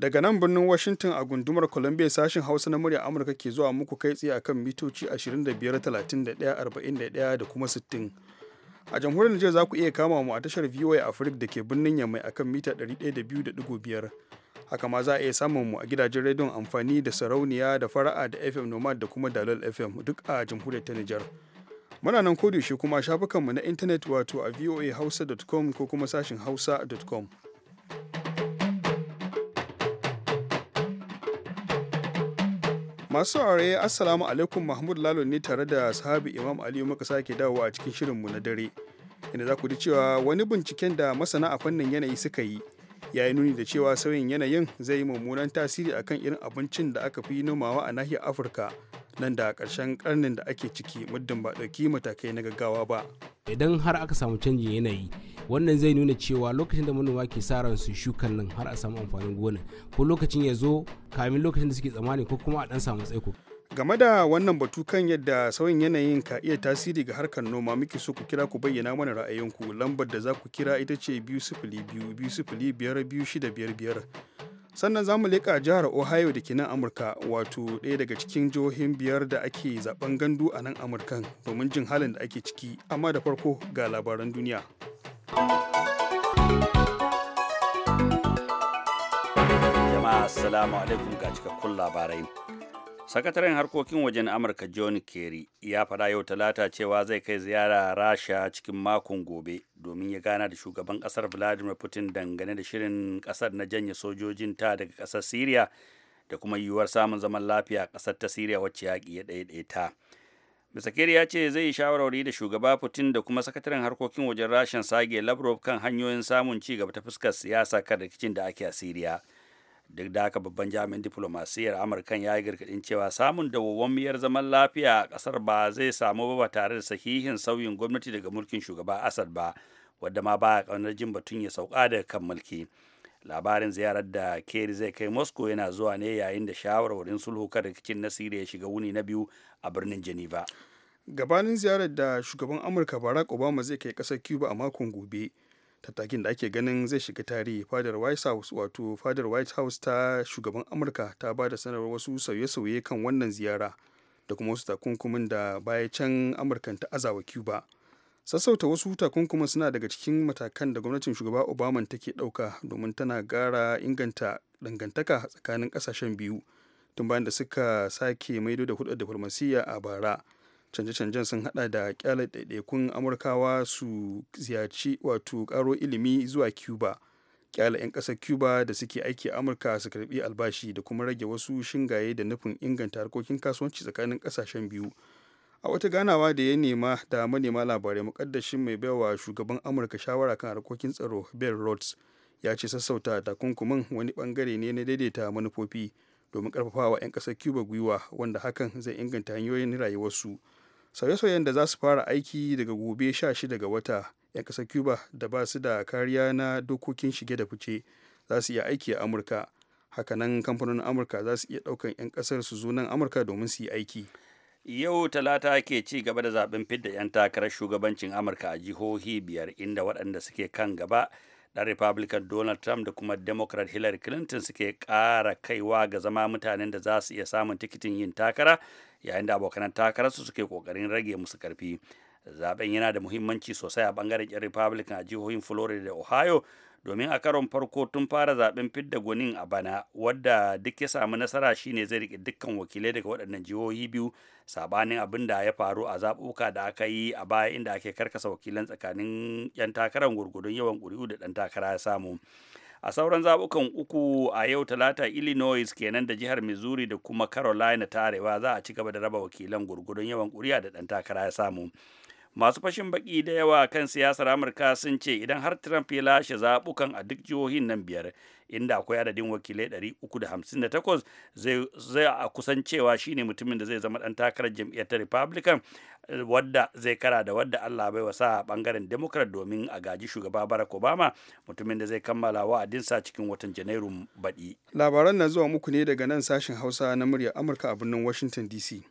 Daga nan birnin Washington a gundumar Columbia sashen Hausa na murya Amurka ke zuwa muku kai tsaye akan mitoci 25, 31, 41 da kuma 60. a jamhuriyar Nijar za ku iya kama mu a tashar VOA Africa da ke birnin Yamai akan mita 102.5 haka ma za a iya samun mu a gidajen rediyon amfani da sarauniya da fara'a da FM Nomad da kuma Dalol FM duk a jamhuriyar ta Nijar. Muna nan kodiyoshi kuma shafukanmu na intanet wato a voahausa.com ko kuma sashin hausa.com. masu saurare assalamu alaikum mahmud lalo ne tare da sahabi imam aliyu muka sake dawowa a cikin shirinmu na dare inda za ku ji cewa wani binciken da masana a fannin yanayi suka yi ya yi nuni da cewa sauyin yanayin zai yi mummunan tasiri akan irin abincin da aka fi nomawa a nahiyar afirka nan da ƙarshen karnin da ake ciki muddin ba ɗauki matakai na gaggawa ba idan har aka samu canjin yanayi wannan zai nuna cewa lokacin da manoma ke sa ran su shukan nan har a samu amfanin gona ko lokacin ya zo kamin lokacin da suke tsammani ko kuma a dan samu tsaiko game da wannan batu kan yadda sauyin yanayin ka iya tasiri ga harkar noma muke so ku kira ku bayyana mana ra'ayinku lambar da za ku kira ita ce biyu sifili biyu biyu sifili biyar biyu shida biyar biyar sannan za mu leƙa jihar ohio da ke nan amurka wato ɗaya daga cikin jihohin biyar da ake zaben gandu a nan amurkan domin jin halin da ake ciki amma da farko ga labaran duniya jama'a assalamu alaikum ga cikakkun labarai sakataren harkokin wajen amurka john kerry ya fada yau talata cewa zai kai ziyara rasha cikin makon gobe domin ya gana da shugaban kasar vladimir putin dangane da shirin kasar na janye ta daga kasar syria da kuma yiwuwar samun zaman lafiya a ƙasar ta syria wacce ya ya ta Mr. Kerry ya ce zai yi shawarwari da shugaba Putin da kuma sakataren harkokin wajen rashin sage Lavrov kan hanyoyin samun ci gaba ta fuskar siyasa kan rikicin da ake a Siriya. duk da haka babban jami'in diplomasiyyar amurkan ya yi gargaɗin cewa samun miyar zaman lafiya a kasar ba zai samu ba tare da sahihin sauyin gwamnati daga mulkin shugaba asad ba wadda ma baya kaunar jin batun ya sauka daga kan mulki labarin ziyarar da keri zai kai moscow yana zuwa ne yayin da shawarwarin sulhu kan rikicin na ya shiga wuni na biyu a birnin geneva gabanin ziyarar da shugaban amurka barack obama zai kai kasar cuba a makon gobe tattakin da ake ganin zai shiga tarihi fadar white house wato fadar white house ta shugaban amurka ta ba da sanarwar wasu sauye-sauye kan wannan ziyara da kuma wasu takunkumin da baya can amurkan ta azawa cuba sassauta wasu takunkumin suna daga cikin matakan da gwamnatin shugaba obama take ɗauka domin tana gara inganta dangantaka tsakanin kasashen biyu tun bayan da suka sake maido da hudu diflomasiyya a bara canje-canjen sun hada da kyale ɗaiɗaikun amurkawa su ziyarci wato karo ilimi zuwa cuba kyale 'yan ƙasar cuba da suke aiki a amurka su karbi albashi da kuma rage wasu shingaye da nufin inganta harkokin kasuwanci tsakanin ƙasashen biyu a wata ganawa da ya nema da manema labarai mukaddashin mai baiwa shugaban amurka shawara kan harkokin tsaro bill rhodes ya ce sassauta takunkumin wani bangare ne na daidaita manufofi domin karfafawa 'yan ƙasar cuba gwiwa wanda hakan zai inganta hanyoyin rayuwarsu sauye-sauyen da za su fara aiki daga gobe 16 ga wata 'yan ƙasar cuba da ba su da kariya na dokokin shige da fice za su iya aiki a amurka hakanan kamfanonin amurka za su iya ɗaukan 'yan ƙasar su zo nan amurka domin su yi aiki yau talata ke ci gaba da zaben fidda 'yan takarar shugabancin amurka a jihohi biyar inda waɗanda suke kan gaba dan republican donald trump da kuma democrat hillary clinton suke ƙara kaiwa ga zama mutanen da za su iya samun tikitin yin takara yayin da abokan takararsu suke ƙoƙarin rage musu karfi zaben yana da muhimmanci sosai a ɓangaren 'yan republican a jihohin florida da ohio domin a karon farko tun fara zaben fidda gwanin a bana wadda duk ya samu nasara shine zai rike dukkan wakilai daga waɗannan jihohi biyu sabanin abin da ya faru a zaɓuka da aka yi a baya inda ake karkasa wakilan tsakanin 'yan takarar gurgudun yawan kuri'u da ɗan takara ya samu a sauran zaɓukan uku a yau talata illinois kenan da jihar missouri da kuma carolina ta arewa za a ci gaba da raba wakilan gurgudun yawan ƙuri'a da ɗan takara ya samu masu fashin baki da yawa kan siyasar amurka sun ce idan har trump ya lashe zaɓukan a duk jihohin nan biyar inda akwai adadin wakilai 358 zai a kusan cewa shine mutumin da zai zama dan takarar jam'iyyar ta republican wadda zai kara da wadda allah bai wasa a bangaren democrat domin a gaji shugaba barack obama mutumin da zai kammala wa'adinsa cikin watan janairun baɗi labaran na zuwa muku ne daga nan sashen hausa na murya amurka a birnin washington dc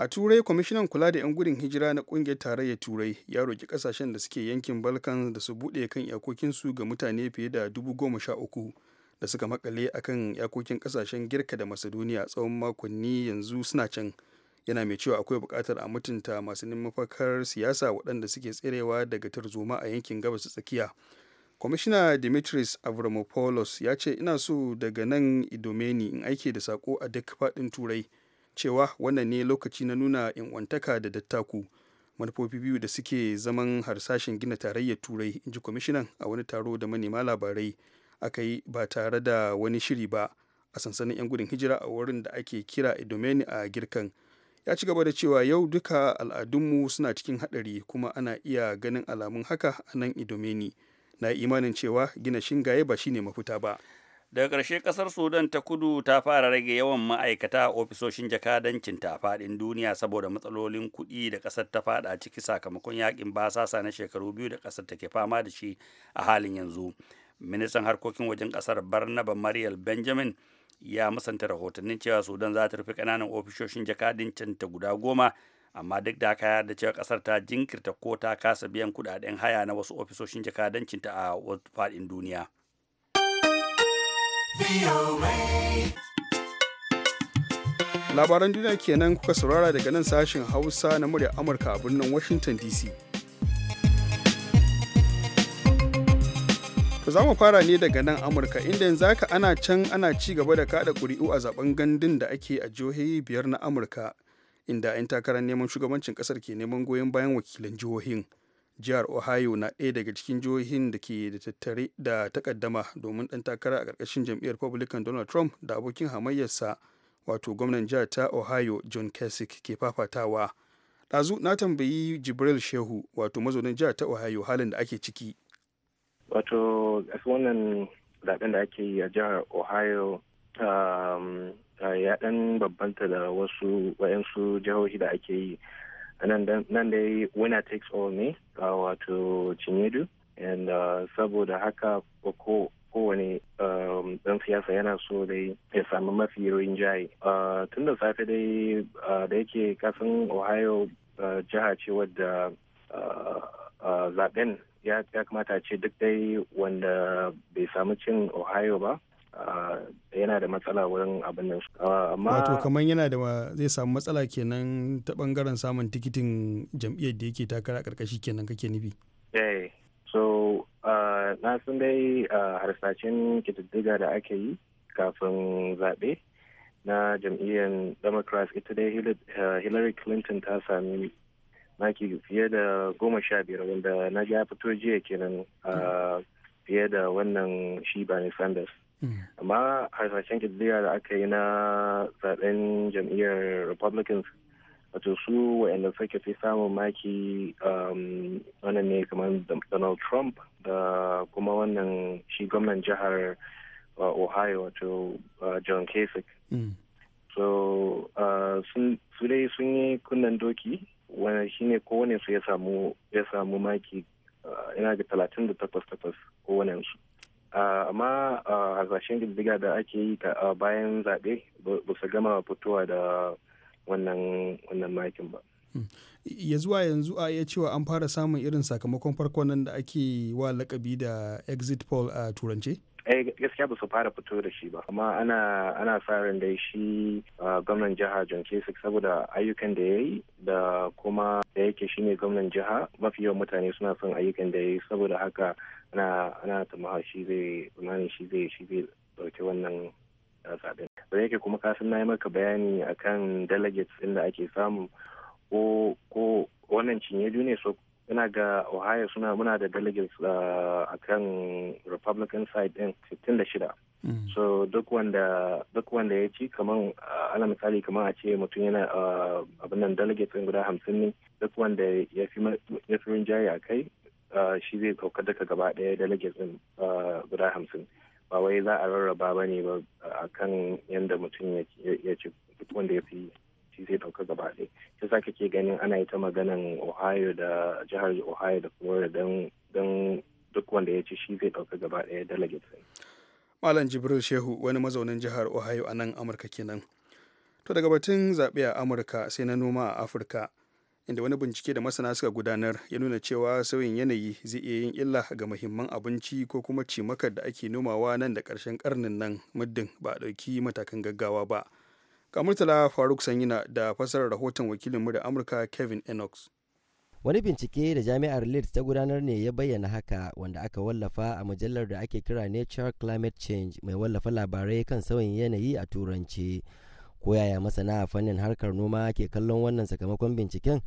a turai kwamishinan kula da 'yan gudun hijira na kungiyar tarayyar turai ya roki kasashen da suke yankin balkan da su buɗe kan iyakokinsu ga mutane fiye da dubu goma sha uku da suka makale a akan iyakokin kasashen girka da macedonia tsawon makonni yanzu suna can yana mai cewa akwai bukatar a mutunta masu mafakar siyasa waɗanda suke tserewa daga tarzoma a yankin gabas tsakiya kwamishina dimitris avramopoulos ya ce ina so daga nan idomeni in aike da sako a duk faɗin turai cewa wannan ne lokaci na nuna inwantaka da dattaku manufofi biyu da suke zaman harsashin gina tarayyar turai in ji kwamishinan a wani taro da manema labarai aka yi ba tare da wani shiri ba a sansanin 'yan gudun hijira a wurin da ake kira idomeni a girkan ya ci gaba da cewa yau duka al'adunmu suna cikin haɗari kuma ana iya ganin alamun haka a nan idomeni na imanin cewa gina shingaye ba shine mafuta ba daga ƙarshe ƙasar sudan ta kudu ta fara rage yawan ma'aikata a ofisoshin jakadancin ta faɗin duniya saboda matsalolin kuɗi da ƙasar ta faɗa ciki sakamakon yakin basasa na shekaru biyu da ƙasar take fama da shi a halin yanzu ministan harkokin wajen ƙasar barnaba mariel benjamin ya musanta rahotannin cewa sudan za ta rufe ƙananan ofisoshin jakadancin ta guda goma amma duk da haka ya da cewa kasar ta jinkirta ko ta kasa biyan kudaden haya na wasu ofisoshin jakadancinta a faɗin duniya Labaran duniya kenan kuka saurara daga nan sashen Hausa na murya Amurka a birnin Washington DC. To za mu fara ne daga nan Amurka inda yanzu haka ana can ana ci gaba da kada ƙuri'u a zaben gandun da ake a jihohi biyar na Amurka inda 'yan takarar neman shugabancin ƙasar ke neman goyon bayan wakilan jihohin. jihar ohio na ɗaya daga cikin jihohin da ke da tattare da takaddama domin ɗan takara a ƙarƙashin jam'iyyar republican donald trump da abokin hamayyarsa wato gwamnan jihar ta ohio john kasich ke fafatawa ɗazu na tambayi jibril shehu wato mazaunin jihar ta ohio halin da ake ciki wato wannan zaben da ake yi a jihar ohio um, ya ɗan babbanta da wasu wayansu jihohi da ake yi nan dai winner takes all ne wato chinedu and uh, saboda haka ko kowane um, dan siyasa yana so dai ya sami mafi rinjaye uh, tun da safe dai uh, da yake kasan ohio jiha ce wadda zaben ya kamata ce duk dai wanda bai samu cin ohio ba yana da matsala wurin abin nan amma wato kamar yana da zai samu matsala kenan ta bangaren samun tikitin jam'iyyar da yake takara karkashi kenan kake nufi eh so na san dai harsashen kididdiga da ake yi kafin zaɓe na jam'iyyar democrats ita dai hillary clinton ta sami maki fiye da goma sha biyar wanda na ja fito jiya kenan hmm. fiye da wannan shi bernie sanders Mm. amma harsashen kididdiga da aka yi na zaben jam'iyyar republicans wato su wa'anda suke fi samun maki um, wannan ne kamar donald trump da kuma wannan shi gwamnan jihar uh, ohio wato uh, john kasich mm. so uh, su dai sun yi kunnen doki wani shine kowane su ya samu maki ina ga talatin da takwas takwas kowane su amma hasashen diddiga da ake yi bayan zaɓe ba su gama fitowa da wannan makin ba hmm. ya zuwa yanzu a iya cewa an fara samun irin sakamakon farko nan da ake wa lakabi da exit poll a turance? Eh, gaskiya ba su fara fito da shi ba amma ana ana sa ran da shi gwamnan jiha John Kasich saboda ayyukan da ya da kuma da yake shine gwamnan jiha mafi yawan mutane suna son ayyukan da ya saboda haka ana ana tumaha shi zai tunanin shi zai shi zai dauki wannan zaɓen da yake kuma kasan na yi maka bayani akan delegates inda ake samu ko ko wannan cinye ne so ina ga ohio suna muna da delegates a akan republican side din 66 mm. so duk wanda duk wanda ya ci kaman ala misali kaman a ce mutum yana abin nan delegates guda hamsin ne duk wanda ya fi rinjaye a kai Uh, shi zai saukar daga gaba ɗaya delegates ɗin uh, guda hamsin ba wai za a rarraba ba ne ba uh, a kan yadda mutum ya ci wanda ya fi shi zai dauka gaba ɗaya shi sa kake ganin ana yi ta maganan ohio da jihar ohio da florida don don duk wanda ya ci shi zai ɗauka gaba ɗaya delegates Malam Jibril Shehu wani mazaunin jihar Ohio a nan Amurka kenan. To daga batun zaɓe a Amurka sai na noma a Afirka. inda wani bincike da masana suka gudanar ya nuna cewa sauyin yanayi zai iya yin illa ga muhimman abinci ko kuma cimakar da ake nomawa nan da ƙarshen karnin nan muddin ba a ɗauki matakan gaggawa ba kamurtala faruk sanyina da fasarar rahoton wakilin da amurka kevin enox wani bincike da jami'ar leeds ta gudanar ne ya bayyana haka wanda aka wallafa a mujallar da ake kira nature climate change mai wallafa labarai kan sauyin yanayi a turanci koyaya masana a fannin harkar noma ke kallon wannan sakamakon binciken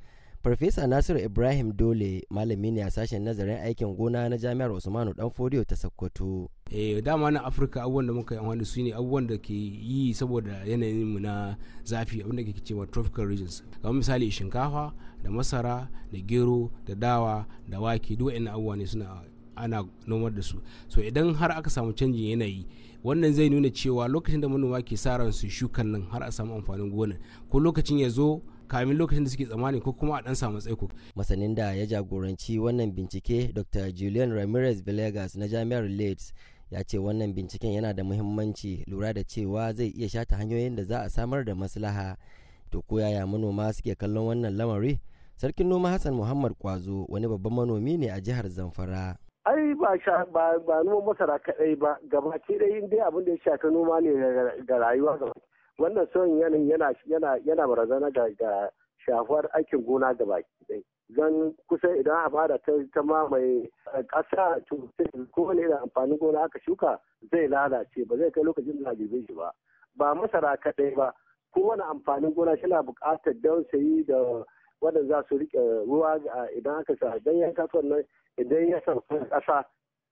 farfesa nasiru ibrahim dole malami ne a sashen nazarin aikin gona na jami'ar usmanu dan fodiyo ta sokoto eh dama na afirka abubuwan da muka yi su ne abubuwan da ke yi saboda yanayin mu na zafi abinda da ke cewa tropical regions kamar misali shinkafa da masara da gero da dawa da wake duk wa'annan abubuwa ne suna ana nomar da su so idan har aka samu canjin yanayi wannan zai nuna cewa lokacin da manoma ke sa ran su shukan nan har a samu amfanin gona ko lokacin ya zo kamin lokacin da suke tsammani ko kuma a dan samu tsaiko. Masanin da ya jagoranci wannan bincike Dr. Julian Ramirez Villegas na Jami'ar Leeds ya ce wannan binciken yana da muhimmanci lura da cewa zai iya shata hanyoyin da za a samar da maslaha to ko yaya manoma suke kallon wannan lamari sarkin noma hassan muhammad kwazo wani babban manomi ne a jihar zamfara ba ba noman masara kadai ba gabaki dai inda abin da ya shafi noma ne ga rayuwa wannan sauyin yanayin yana yana yana barazana ga ga shafuwar aikin gona gabaki dai zan kusa idan hamada ta ta mamaye ƙasa to sai kowane da amfanin gona aka shuka zai lalace ba zai kai lokacin da girbe shi ba ba masara kadai ba kowane amfanin gona shi na buƙatar dausayi da waɗanda za su riƙe ruwa idan aka sa ganyen yanka nan idan ya sauka ƙasa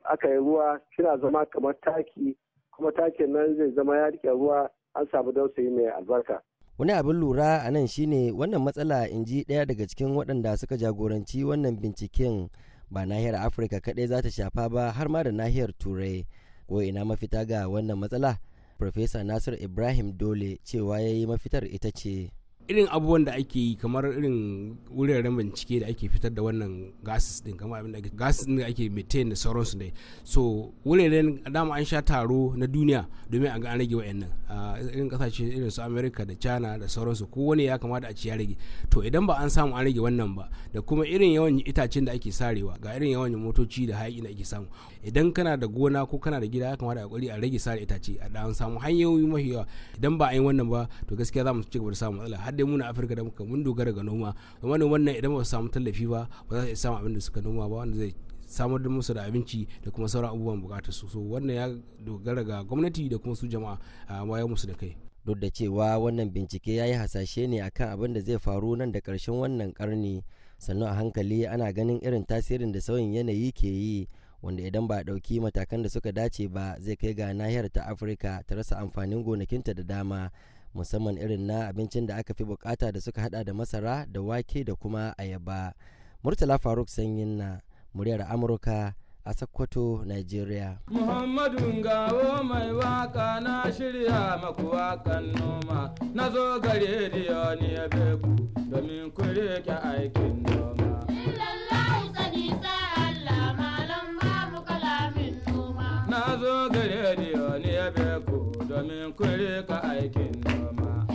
aka yi ruwa suna zama kamar taki kuma takin nan zai zama ya rike ruwa an samu dausayi mai albarka. Wani abin lura a nan shine wannan matsala in ji ɗaya daga cikin waɗanda suka jagoranci wannan binciken ba nahiyar Afirka kaɗai za ta shafa ba har ma da nahiyar Turai. Ko ina mafita ga wannan matsala? Profesa Nasir Ibrahim Dole cewa ya yi mafitar ita ce. irin abubuwan da ake yi kamar irin wuraren bincike da ake fitar da wannan gases din kamar abin da gases din da ake da sauransu dai so wuraren dama an sha taro na duniya domin a ga an rage wayannan irin kasashe irin su America da China da sauransu ko wani ya kamata a ci ya rage to idan ba an samu an rage wannan ba da kuma irin yawan itacen da ake sarewa ga irin yawan motoci da hayaki da ake samu idan kana da gona ko kana da gida ya kamata a kokari a rage sare itace a dan samu hanyoyi mafi yawa idan ba a yi wannan ba to gaskiya za mu ci gaba da samu matsala har dai mu na Afirka da muka mun dogara ga noma manoman wannan idan ba su samu tallafi ba ba za su samu abin da suka noma ba wanda zai samar da musu da abinci da kuma sauran abubuwan bukatar su so wannan ya dogara ga gwamnati da kuma su jama'a a wayar musu da kai duk da cewa wannan bincike ya yi hasashe ne akan abin da zai faru nan da karshen wannan karni sannu a hankali ana ganin irin tasirin da sauyin yanayi ke yi wanda idan ba a ɗauki matakan da suka dace ba zai kai ga nahiyar ta afirka ta rasa amfanin gonakinta da dama musamman irin na abincin da aka fi bukata da suka hada da masara da wake da kuma ayaba murtala faruk sanyin na muryar amurka a sokoto nigeria muhammadu gawo mai waka na shirya maku wakan noma na zo ga ya domin ku rike aikin noma domin ku rika aikin noma.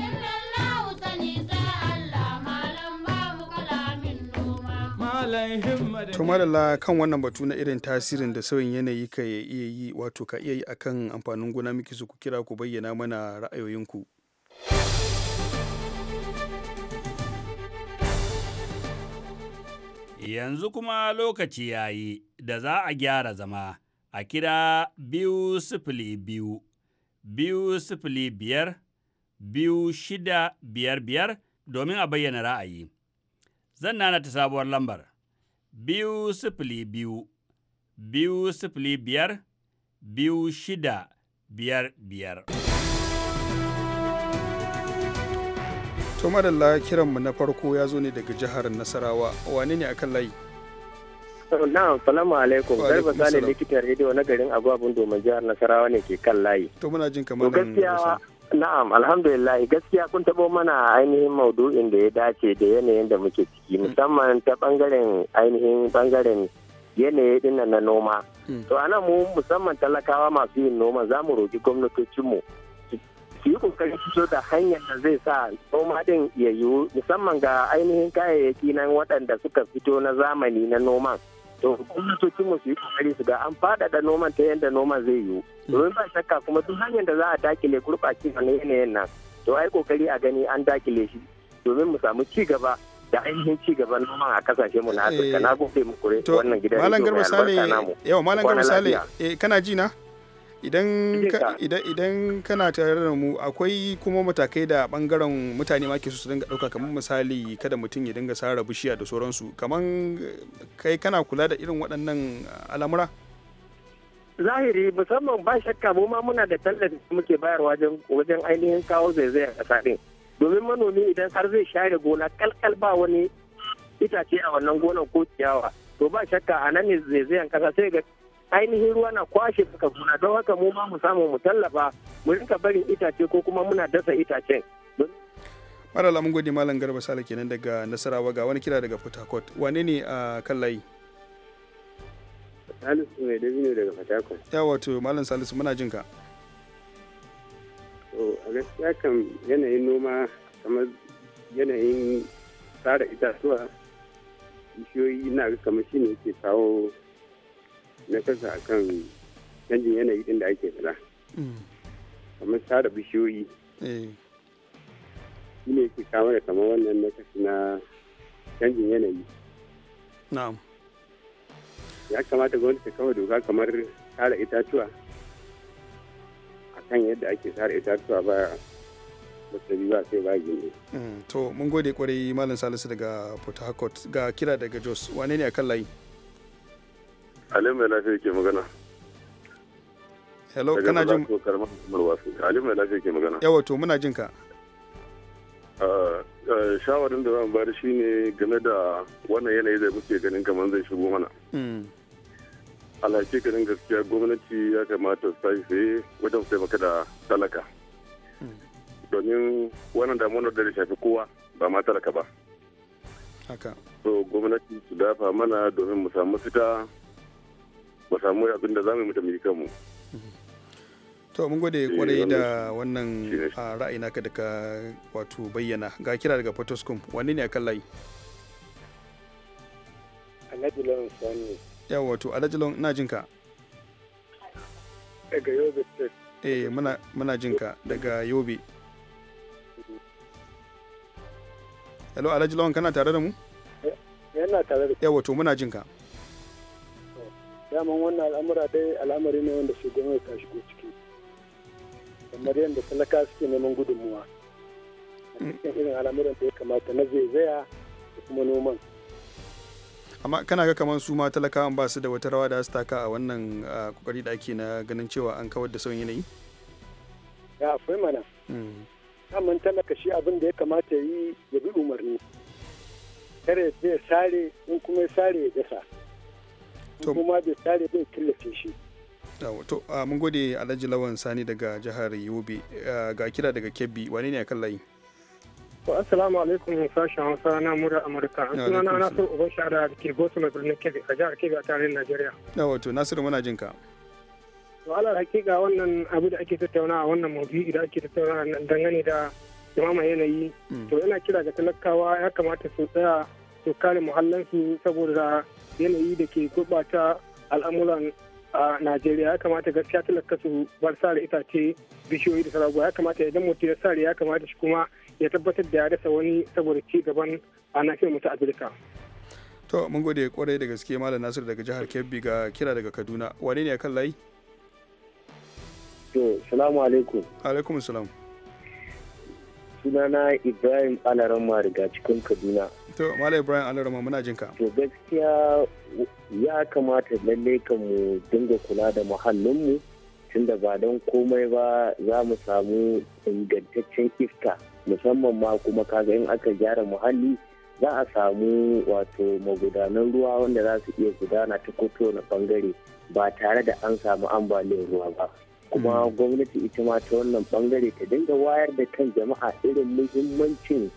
kan wannan batu na irin tasirin da sauyin yanayi ka iya yi wato ka iya yi akan amfanin gona miki su ku kira ku bayyana mana ra'ayoyinku yanzu kuma lokaci ya yi da za a gyara zama a kira biyu sifili biyu biyu sifili biyar biyu shida biyar biyar domin a bayyana ra'ayi. Zan nana ta sabuwar lambar biyu sifili biyu biyu sifili biyar biyu shida biyar biyar. To madalla kiranmu na farko ya zo ne daga jihar Nasarawa, wane ne akan layi? na salamu alaikum garba sale likitan rediyo na garin agwabun domin jihar nasarawa ne ke kan layi to muna jin kamar gaskiya na'am alhamdulillah gaskiya kun tabo mana ainihin maudu'in da ya dace da yanayin da muke ciki hmm. musamman ta bangaren ainihin bangaren yanayi din na noma hmm. to anan mu musamman talakawa masu yin noma za mu roki gwamnatocinmu su yi kokarin fito da hanyar da zai sa noma din ya musamman ga ainihin kayayyaki nan waɗanda suka fito na zamani na noman to gwamnatocin mu su yi kokari su ga an da noman ta yadda noman zai yiwu domin ba shakka kuma duk hanyar da za a dakile gurɓaci na yanayin nan to ai kokari a gani an dakile shi domin mu samu ci gaba da ainihin ci gaban noman a kasashe mu na Afirka eh, na gode muku wannan gidan malam garba sale yau malam garba sale eh, kana ji na idan kana tare da mu akwai kuma matakai da bangaren mutane ma ke su dinga dauka kamar misali kada mutum ya dinga sara bishiya da sauransu kamar kai kana kula da irin waɗannan ah, al'amura zahiri musamman ba shakka mu ma muna da tallafi muke bayarwa wajen ainihin kawo zaizayar kasa din domin manomi idan har zai share gona kalkal ba wani itace a wannan gonar ko ciyawa to ba shakka a nan ne zaizayan kasa sai ga ainihin ruwa na kwashe suka muna don haka mu ma mu samu mu tallafa mu rinka barin itace ko kuma muna dasa itacen. Marala mun gode Malam Garba Sale kenan daga Nasarawa ga wani kira daga Port Harcourt. Wane ne a kan layi? Salisu mai ne daga Port Harcourt. Ya wato Malam Salisu muna jin ka. To a gaskiya kan yanayin noma kamar yanayin tsara itatuwa bishiyoyi na kamar shi ne ke kawo na kasa akan canjin yanayi din da ake fada mm. kamar sada bishiyoyi eh. shi ne ke kama da kamar wannan na kasa na canjin yanayi na'am ya kamata gwamnati ta kawo doka kamar sara itatuwa akan yadda ake sara itatuwa ba sai ba mm. to mun gode kwarai malam salisu daga port harcourt ga kira daga jos wane ne a kan layi Ali mai lafiya ke magana. Hello, kana jin Ali mai lafiya ke magana. Yawa to muna jin ka. Ah, ah, shawarin da zan bayar shi ne game da wannan yanayi da muke ganin kamar zai shigo mana. Hmm. Alhaki ganin gaskiya gwamnati ya kamata su tashi sai wajen su taimaka da talaka. Hmm. Domin wannan damuwar da shafi kowa ba ma talaka ba. Haka. So gwamnati su dafa mana domin mu samu fita ba samu abin da za mu yi mutum yi kanmu. to mun gode eh, kwarai da wannan ah, ra'ayi naka da ka wato bayyana ga kira daga potoscom wanne ne akan layi alhaji sani yawa wato alhaji lawan ina jinka daga yobe eh muna jin jinka daga yobe hello alhaji lawan kana tare da mu yana tare da yawa wato, muna jinka daman wannan al'amura dai al'amari ne wanda su gwamnati ta shigo ciki kamar yadda talaka suke neman gudunmuwa a mm. cikin irin al'amuran da ya kamata na zaizaya da kuma noman amma kana ga kamar su ma talakawan ba su da wata rawa da su taka a wannan kokari da ake na ganin cewa an kawar da sauyin yanayi ya akwai mana kaman mm. talaka shi abin da ya kamata yi ya bi umarni kare zai sare in kuma ya sare ya dasa kuma bai tsari zai killace shi to ah, mun gode alhaji lawan sani daga jihar yobe ah, ga kira daga kebbi wani ne a kan layi asalamu alaikum sashen hausa na mura amurka an suna na nasiru uban shahara da ke gosu mai birnin kebbi a jihar kebbi a tarihin najeriya wato nasiru muna jin ka to alal hakika wannan abu da ake tattaunawa wannan maudu'i da ake tattaunawa dangane da jama'a yanayi mm. to yana kira ga talakawa ya kamata su tsaya su kare muhallansu saboda yanayi da ke gurɓata al'amuran a najeriya ya kamata gaskiya talaka su bar sare itace bishiyoyi da sarago ya kamata idan mutum ya sare ya kamata shi kuma ya tabbatar da ya dasa wani saboda ci gaban a nafiyar mutu afirka to mun gode kwarai da gaske malam nasir daga jihar kebbi ga kira daga kaduna wane ne kan layi to salamu alaikum alaikum salam sunana Ibrahim Alarama daga cikin Kaduna. To, Malam Ibrahim Alarama muna jin ka. To gaskiya ya kamata lalle kan mu dinga kula da muhallinmu tunda ba don komai ba za mu samu ingantaccen iska musamman ma kuma kaga in aka gyara muhalli za a samu wato magudanan ruwa wanda za su iya gudana ta koto na bangare ba tare da an samu ambaliyar ruwa ba. kuma hmm. gwamnati ita ma ta wannan bangare ta dinga wayar da kan jama'a irin muhimmancin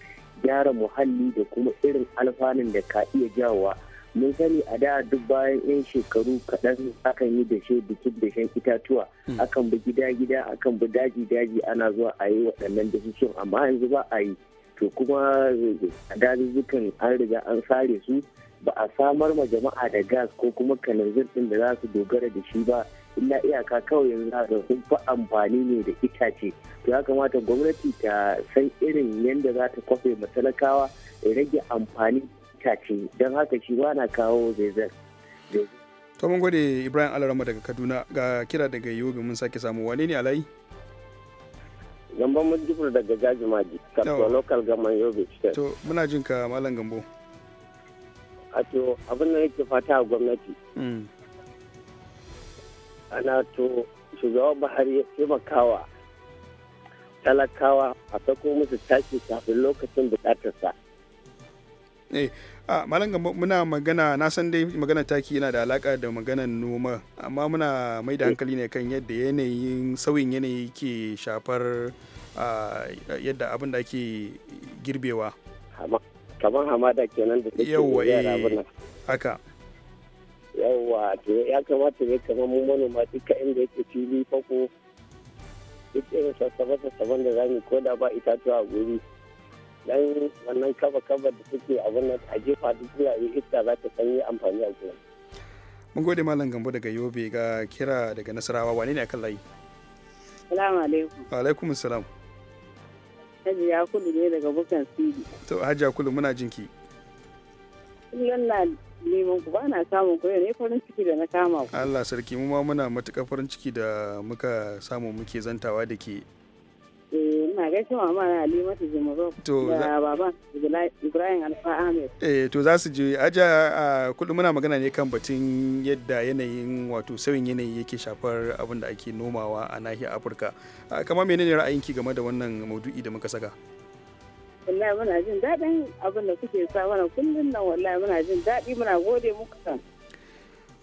gyara muhalli da kuma irin alfanun da ka iya jawowa mun sani a da duk bayan 'yan shekaru kaɗan akan yi dashe bikin dashen itatuwa hmm. akan bi gida-gida akan bi daji-daji ana zuwa a yi waɗannan dasusun amma yanzu ba a yi to kuma a eh, dazuzzukan an riga an sare su ba a samar ma jama'a da gas ko kuma kananzir ɗin da za su dogara da shi ba illa iyaka kawai yanzu haka sun fi amfani ne da itace to ya kamata gwamnati ta san irin yadda za ta kwafe matalakawa da rage amfani itace don haka shi ba na kawo zaizan to mun gode ibrahim alarama daga kaduna ga kira daga yobe mun sake samu wane ne alayi gamban mun jibir daga jajimaji kasuwa local gaman yobe to muna jin ka malam gambo a to abin da nake fata a gwamnati mm. Ana to shugaban bahari ya taimakawa talakawa a sako musu taki kafin lokacin bukatarsa eh a malam muna magana na san dai magana taki yana da alaka da maganan noma amma muna mai da hankali ne kan yadda yanayin sauyin yanayi ke shafar yadda abin da ake girbewa kamar hamada kenan da take yara eh, haka yawwa to ya kamata ne kamar mu manoma duka inda yake fili fako duk irin sassaba sassaban da zamu ko da ba itatuwa a guri dan wannan kaba-kaba da suke a wannan a jefa duk yi iska za ta sanyi amfani a gurin. mun gode malam gambo daga yobe ga kira daga nasarawa wane ne akan layi salamu alaikum alaikum salam hajiya kulu ne daga bukan sidi to hajiya kulu muna jinki kullum na neman ku ba na samun ku ne farin ciki da na kama ku. Allah sarki mu ma muna matuƙar farin ciki da muka samu muke zantawa da ke. Eh ga shi mama na Halimatu Jumaro da baba Ibrahim Alfa Ahmed. Eh to za su je aja kullum muna magana ne kan batun yadda yanayin wato sauyin yanayi yake shafar abin da ake nomawa a nahiyar Afirka. Kamar menene ra'ayinki game da wannan maudu'i da muka saka? wallahi muna jin daɗin abin da kuke sa mana kullum nan wallahi muna jin daɗi muna gode muku kan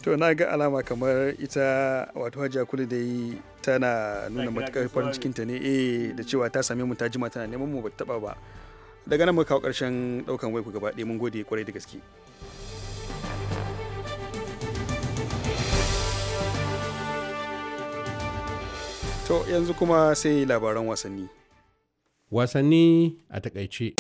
to na ga alama kamar ita wato hajiya kulu da yi tana nuna matuƙar farin cikinta ne eh da cewa ta same mu ta jima tana neman mu ba ta taba ba daga nan muka kawo ƙarshen ɗaukan ku gaba ɗaya mun gode kwarai da gaske to yanzu kuma sai labaran wasanni wasanni a takaice.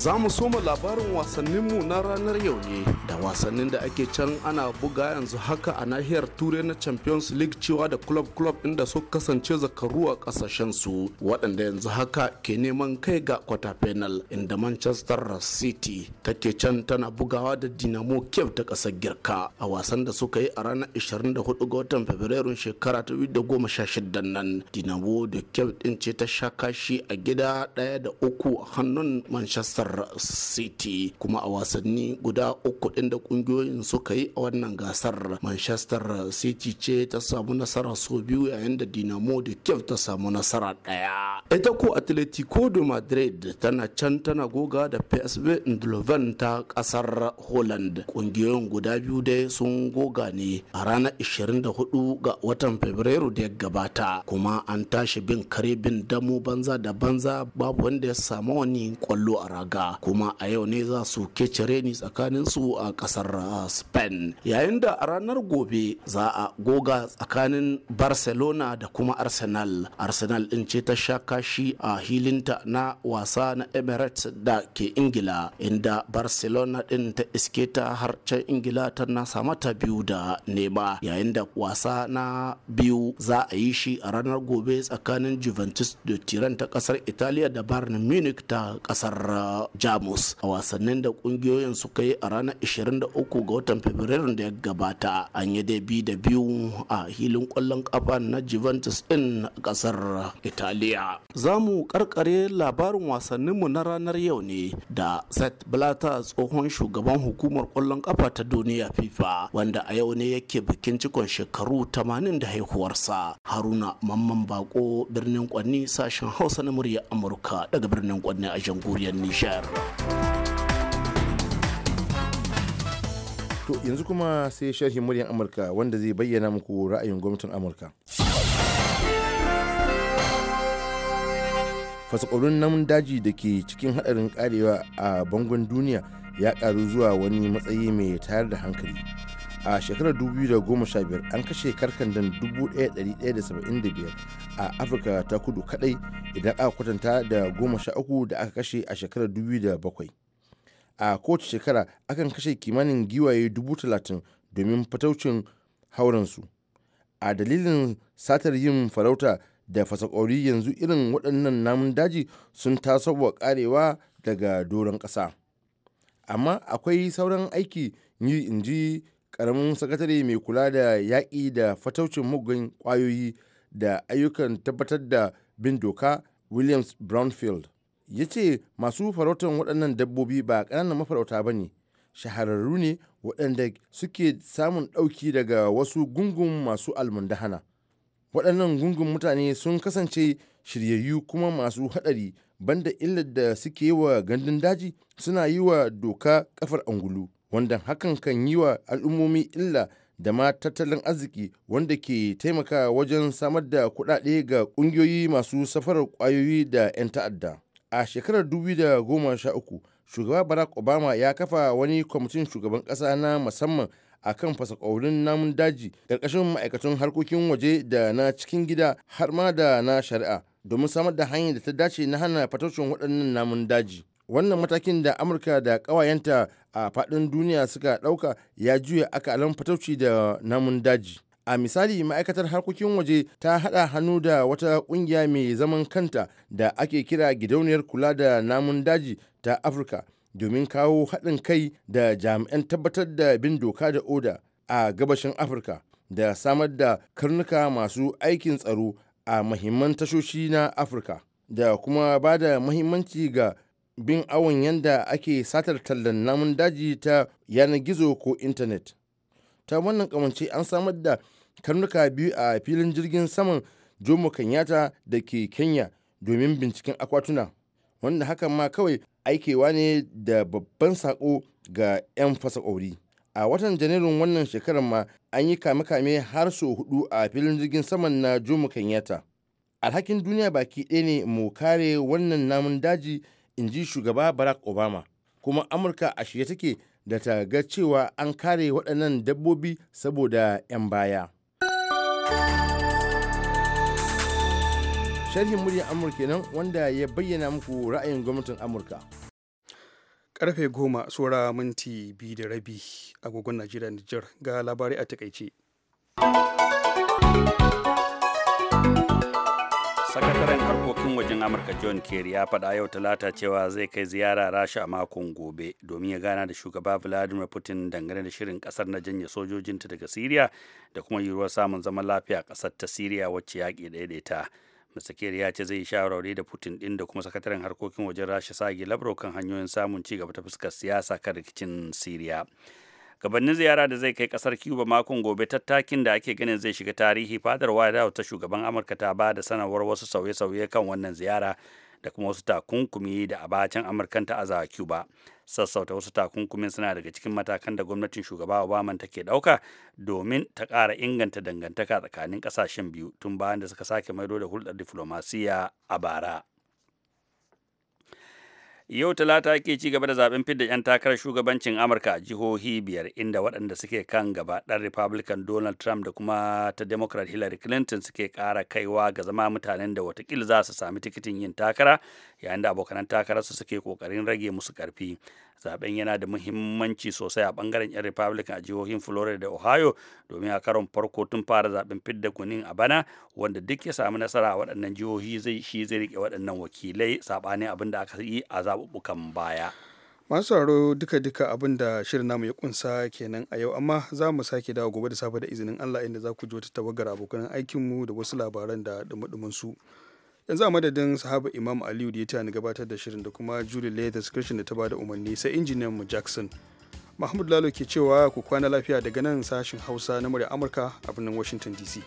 Za mu soma labarin wasanninmu na ranar yau ne da wasannin da ake can ana buga yanzu haka a nahiyar Turai na Champions League cewa da club club inda su kasance zakaru a kasashen su waɗanda yanzu haka ke neman kai ga kwata penal inda Manchester City take can tana bugawa da Dinamo kyau ta ƙasar Girka a wasan da suka yi a ranar 24 ga watan Fabrairun shekara ta 2016 nan. Dinamo da kyau din ce ta sha kashi a gida ɗaya da uku a hannun Manchester city kuma a wasanni guda uku ɗin da ƙungiyoyin suka yi a wannan gasar manchester city ce ta samu nasara so biyu yayin da dinamo da kiev ta samu nasara ɗaya ita ko atletico de madrid tana can tana goga da psv eindhoven ta ƙasar holland ƙungiyoyin guda biyu dai sun goga ne a ranar 24 ga watan fabrairu da ya gabata kuma an tashi bin kare bin damu banza da banza babu wanda ya samu wani kwallo a raga kuma a yau ne za su cire ni tsakanin su a kasar Spain yayin da ranar gobe za a goga tsakanin Barcelona da kuma Arsenal Arsenal din ce ta sha kashi a hilinta na wasa na Emirates da ke Ingila inda Barcelona din ta iske ta har can Ingila tana mata biyu da nema yayin da wasa na biyu za a yi shi a ranar gobe tsakanin Juventus da Turin ta kasar Italiya da Bayern Munich ta kasar jamus a wasannin da kungiyoyin suka yi a ranar 23 ga watan Fabrairu da ya gabata an yi da bi da biyu a hilin kwallon kafa na juventus din kasar italiya za mu karkare labarin wasanninmu na ranar yau ne da set Blatter, tsohon shugaban hukumar kwallon kafa ta duniya fifa wanda a yau ne yake bikin cikon shekaru 80 da haihuwarsa haruna mamman bako birnin kwanni sashen hausa na murya amurka daga birnin kwanni a jamhuriyar nijar To yanzu kuma sai sharhin muryar Amurka wanda zai bayyana muku ra'ayin gwamnatin Amurka. fasakorin namun daji da ke cikin hadarin karewa a bangon duniya ya ƙaru zuwa wani matsayi mai tayar da hankali a shekarar 2015 an kashe karkandan 1175 a afirka ta kudu kadai idan aka kwatanta da goma sha uku da aka kashe a shekarar bakwai a kowace shekara akan kashe kimanin giwaye dubu talatin domin fataucin hauransu a dalilin satar yin farauta da fasakori yanzu irin waɗannan namun daji sun tasowa karewa daga doron ƙasa amma akwai sauran aiki yi in ji ƙaramin sakatare mai kula da yaƙi da fataucin mugun ƙwayoyi da ayyukan tabbatar da bin doka williams brownfield ya ce masu farautar waɗannan dabbobi ba ƙananan mafarauta ba ne shahararru ne waɗanda suke samun ɗauki daga wasu gungun masu almundahana waɗannan gungun mutane sun kasance shiryayyu kuma masu haɗari banda illar da suke wa gandun daji suna yi wa doka kafar angulu wanda hakan kan yi wa al'ummomi illa da ma tattalin arziki wanda ke taimaka wajen samar da kuɗaɗe ga ƙungiyoyi masu safarar kwayoyi da 'yan ta'adda. A shekarar 2013, shugaba Barack Obama ya kafa wani kwamitin shugaban ƙasa na musamman a kan fasakaurin namun daji ƙarƙashin ma'aikatan harkokin waje da na cikin gida har ma da na shari'a domin samar da hanyar da ta dace na hana fataucin waɗannan namun daji. wannan matakin da amurka da ƙawayenta a fadin duniya suka dauka ya juya akalan fatauci da namun daji a misali ma'aikatar harkokin waje ta hada hannu da wata kungiya mai zaman kanta da ake kira gidauniyar kula da namun daji ta afirka domin kawo haɗin kai da jami'an tabbatar da bin doka da oda a gabashin afirka da samar da karnuka masu aikin tsaro a mahimman tashoshi na afirka da kuma ba da mahimmanci ga bin awon yadda ake satar tallan namun daji ta yanar gizo ko intanet ta wannan kamance an samar da karnuka biyu a filin jirgin saman jomo kenyatta da ke kenya domin binciken akwatuna wanda hakan ma kawai aikewa ne da babban sako ga 'yan fasa kwauri a watan janairun wannan shekarar ma an yi kame-kame har sau hudu a filin jirgin saman na jomo kenyatta alhakin duniya baki ɗaya ne mu kare wannan namun daji in ji shugaba barack obama kuma amurka a shirye take da ta ga cewa an kare waɗannan dabbobi saboda 'yan baya sharhin muryar amurka nan wanda ya bayyana muku ra'ayin gwamnatin amurka karfe goma tsora minti biyu da rabi agogon najeriya nijar ga labarai a takaice sakataren harkokin wajen amurka john kerry ya faɗa yau talata cewa zai kai ziyara rasha a makon gobe domin ya gana da shugaba vladimir putin dangane da shirin kasar na janye sojojinta daga siriya da kuma yiwuwar samun zaman lafiya a kasar ta siriya wacce yaƙi daidaita mr kerry ya ce zai shawarwari da putin din da kuma sakataren harkokin wajen rasha sage labro kan hanyoyin samun ci gaba ta fuskar siyasa kan rikicin siriya gabanin ziyara da zai kai kasar cuba makon gobe tattakin da ake ganin zai shiga tarihi fadar white house ta shugaban amurka ta ba da sanarwar wasu sauye-sauye kan wannan ziyara da kuma wasu takunkumi da abacin amurkan ta azawa cuba sassauta wasu takunkumin suna daga cikin matakan da gwamnatin shugaba obama take ɗauka domin ta kara inganta dangantaka tsakanin kasashen biyu tun bayan da suka sake maido da hulɗar diflomasiya a bara yau talata ke ci gaba da zaben fidda 'yan takarar shugabancin amurka a jihohi biyar inda waɗanda suke kan gaba ɗan republican donald trump da kuma ta democrat hillary clinton suke ƙara kaiwa ga zama mutanen da watakila za su sami tikitin yin takara yayin da abokanan takararsu suke ƙoƙarin rage musu ƙarfi zaben yana da muhimmanci sosai a bangaren 'yan republican a jihohin florida da ohio domin a karon farko tun fara zaben fidda gunin a bana wanda duk ya samu nasara a waɗannan jihohi zai shi zai rike waɗannan wakilai saɓanin abin da aka yi a zaɓuɓɓukan baya masu sauraro duka-duka abin da shirin namu ya kunsa kenan a yau amma za mu sake dawo gobe da safe da izinin allah inda za ku ji wata tawagar abokan aikinmu da wasu labaran da dumudumin su yanzu a madadin sahaba imam aliyu da ya tani gabatar da shirin da kuma julie leathers christian da ta ba da umarni sai injiniyan mu jackson mahmud lalo ke cewa ku kwana lafiya daga nan sashen hausa na murya amurka a birnin washington dc